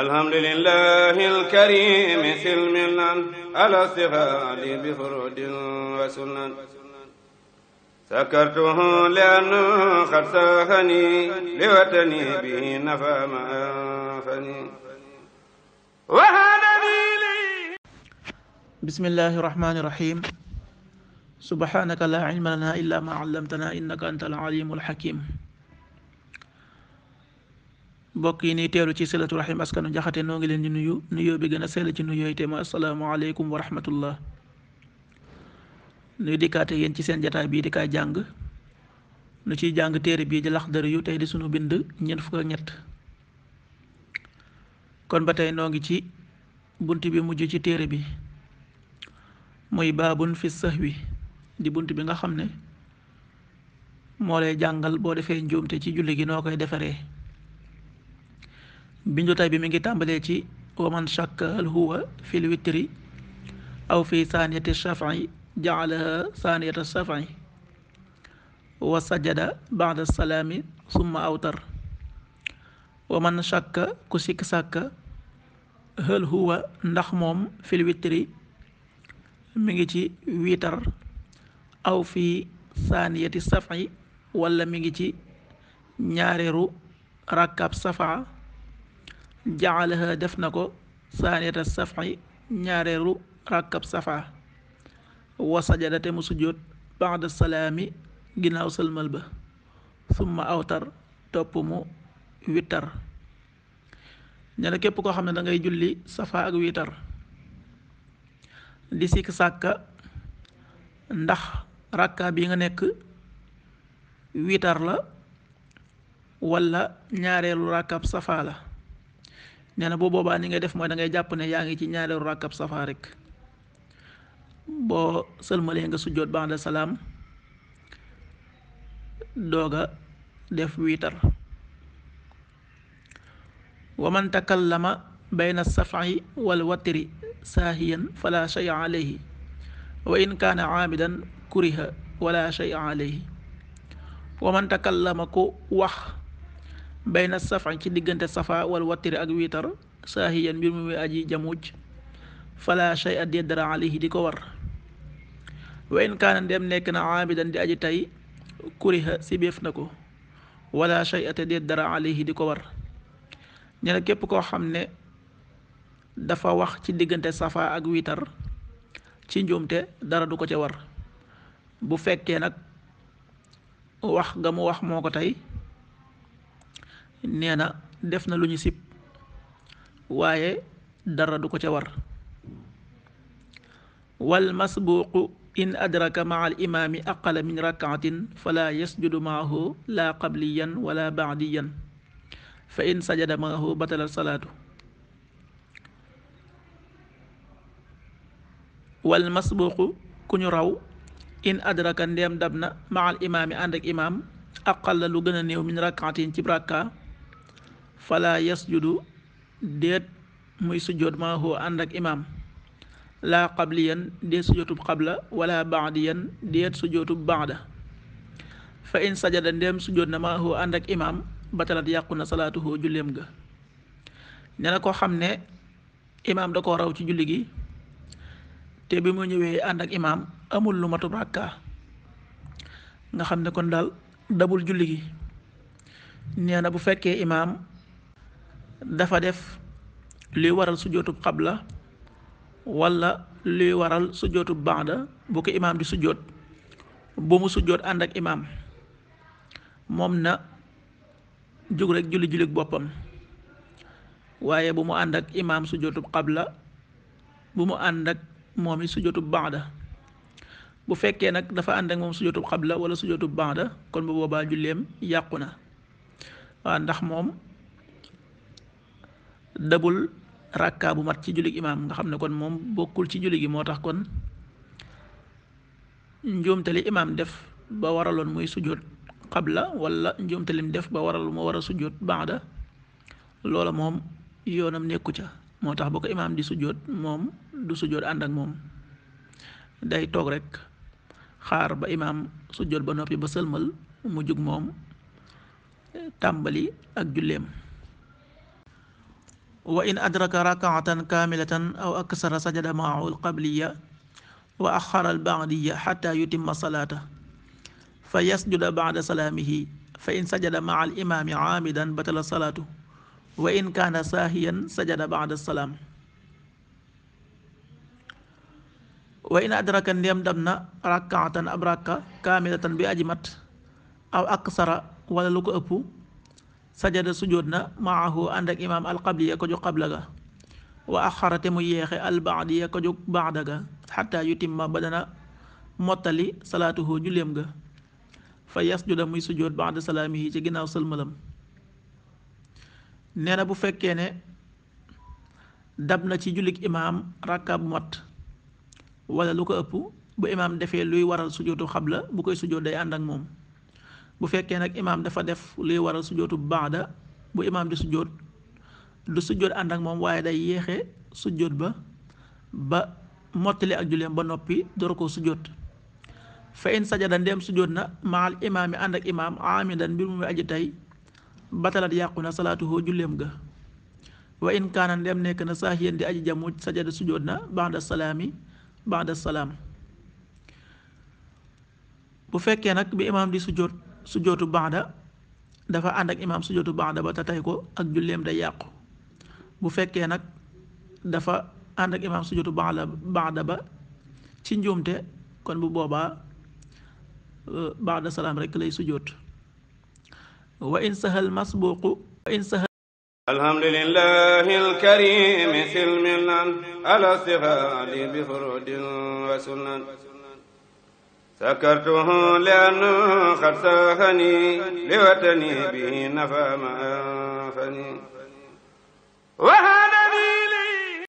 الحمد لله الكريم سلمنا على استفاد بفرود وسنن سكرته لأنه قد ساهني لوطني به نفى ما أنفني وهدني لي بسم الله الرحمن الرحيم سبحانك لا علم لنا إلا ما علمتنا إنك أنت العليم الحكيم bokk yi ni teelu ci silatu rahim askanu njaxate noo ngi leen di nuyu nuyoo bi gën a sell ci nuyooy te mooy asalaamaaleykum wa rahmatullah nuy dikkaate yéen ci seen jataay bii di kaay jàng nu ciy jàng téere bii di laxdar yu tey di sunu bind ñeent fukk ak ñett kon ba tey noo ngi ci bunt bi mujj ci téere bi muy baabun fi sahwi di bunt bi nga xam ne moo lay jàngal boo defee njuumte ci julli gi noo koy defaree bindu bi mi ngi tàmbalee ci waman shakka hal huwa fil witri aw fi saniyati shaf'i jaalaha saniyata shaf'i wa sajada ba'da salaami summa awtar waman shakka ku hal huwa ndax moom fil witri mi ngi ci wiitar aw fi saniyati shaf'i wala mi ngi ci ñaareelu rakkaab safa jaxalaha def na ko saaniyata safa ñaareelu ràkkab safa wa sajada te mu sujjóot baada salaami ginnaaw sëlmal ba summa awtar topp mu wittar ñene képp koo xam ne dangay ngay julli safa ak wittar di sikk sàkka ndax rakka bi nga nekk wittar la walla ñaareelu ràkkab safa la nee na boo boobaa ni ngay def mooy da ngay jàpp ne yaa ngi ci ñaareelu rakkab safa rek boo sëlmalee nga sujjoot ba'da salaam dooga def wiitar wa man takallama bayna safi wal watri saahiyan fala shay'a alayhi wa in kaana aamidan kuriha wala shay'a alayhi wa man takallama ku wax bayna safan ci diggante safa wala wattiri ak wiitar saahiyan mbir mu muy aji jamuj fala shay a dee dara alayhi di ko war wa in nekk na aabidan di aji tey kuriha na ko wala shay a te di ko war ñu képp koo xam ne dafa wax ci diggante safa ak wiitar ci njuumte dara du ko ca war bu fekkee nag wax nga mu wax moo ko tey nee na def na lu ñu sib waaye dara du ko ca war wal masbuuqu in adraka maa al imaami aqala min rakaatin fala yasjudu maahu laa qabliyan wala baadiyan fa in sajada maahu batala salaatu wal masbuuqu ku ñu raw in adraka ndeem dab na maa al ak imaam aqala lu gën a néew min rakaatin ci rakka fala yasjudu déet muy sujjoot ma hoo ànd ak imaam laa qabliyan déet sujjootub qabla wala baadiyan déet sujjootub baada fa in sajada ndéem sujjoot na ma hoo ànd ak imaam batalat yàqu na salaatuhu julleem ga ne ko xam ne imaam da ko raw ci julli gi te bi mu ñëwee ànd ak imaam amul lu matub rakka nga xam ne kon daal dabul julli gi nee bu fekkee imaam dafa def luy waral sujjootub xabla walla luy waral sujjootub baada bu ko imaam di sujjoot bu mu sujjoot ànd ak imaam moom na jug rek julli jullig boppam waaye bu mu ànd ak imaam sujjootub xabla bu mu ànd ak moom i sujjootub baada bu fekkee nag dafa ànd ak moom sujjootub xabla wala sujjootub baada kon bu boobaa julleem yàqu na waaw ndax moom dabul rakka bu mat ci jullig imaam nga xam ne kon moom bokkul ci julli gi moo tax kon njuumtali imaam def ba waraloon muy sujjóot qabla wala njuumtalim def ba waral mu war a sujjóot baada loola moom yoonam nekku ca moo tax ba ko di sujjóot moom du sujjóot ànd ak moom day toog rek xaar ba imaam sujjóot ba noppi ba sëlmal mu jug moom tàmbali ak julleem wa in adraka rakaatan kaamilatan aw aksara sajada maahu alqabliya wa axara albaadiya xata yutimma salaata fa yasjuda baada salaamihi fa in sajada maa alimaami aamidan batala salaatu wa in kaana saahiyan sajada baada salaam wa in adraka ndéem dam na rakaatan ab rakka kaamilatan bi aji mat aw aksara wala lu ko ëpp sajada sujjóot na maahu ànd ak imaam alqabliya ko jóg qabla ga wa axarate mu yeexe albaadiya ko jóg baada ga xataa yu timma ba dana mottali salaatuhu julleem ga fa yasjuda muy sujjóot baada salaamihi ci ginnaaw sëlmalam neena bu fekkee ne dab na ci jullik imaam rakka bu mat lu ko ëpp bu imaam defee luy waral sujjóotu xabla bu koy sujjóot day ànd ak moom bu fekkee nag imaam dafa def luy waral sujootu baada bu imaam di sujoot du sujoot ànd ak moom waaye day yéexe sujoot ba ba mottali ak julleem ba noppi door koo sujoot fa in sajada ndéem sujoot na maal imaam yi ànd ak imaam amidan mbir mu aji tey batalat yàqu na salaatuhoo julleem ga wa in kaana ndéem nekk na saahiyan di aji jamu sajada sujoot na baada salaami baada salaam bu fekkee nag bi imaam di sujoot sujootu baada dafa ànd ak imaam sujootu baada ba te tey ko ak julleem day yàqu bu fekkee nag dafa ànd ak imaam sujootu baada baada ba ci njuumte kon bu boobaa euh, baada salaam rek lay sujoot wa in sahal masbuqu in sahal سكرته لأنه قد ساخني لوتني به نفى ما أنفني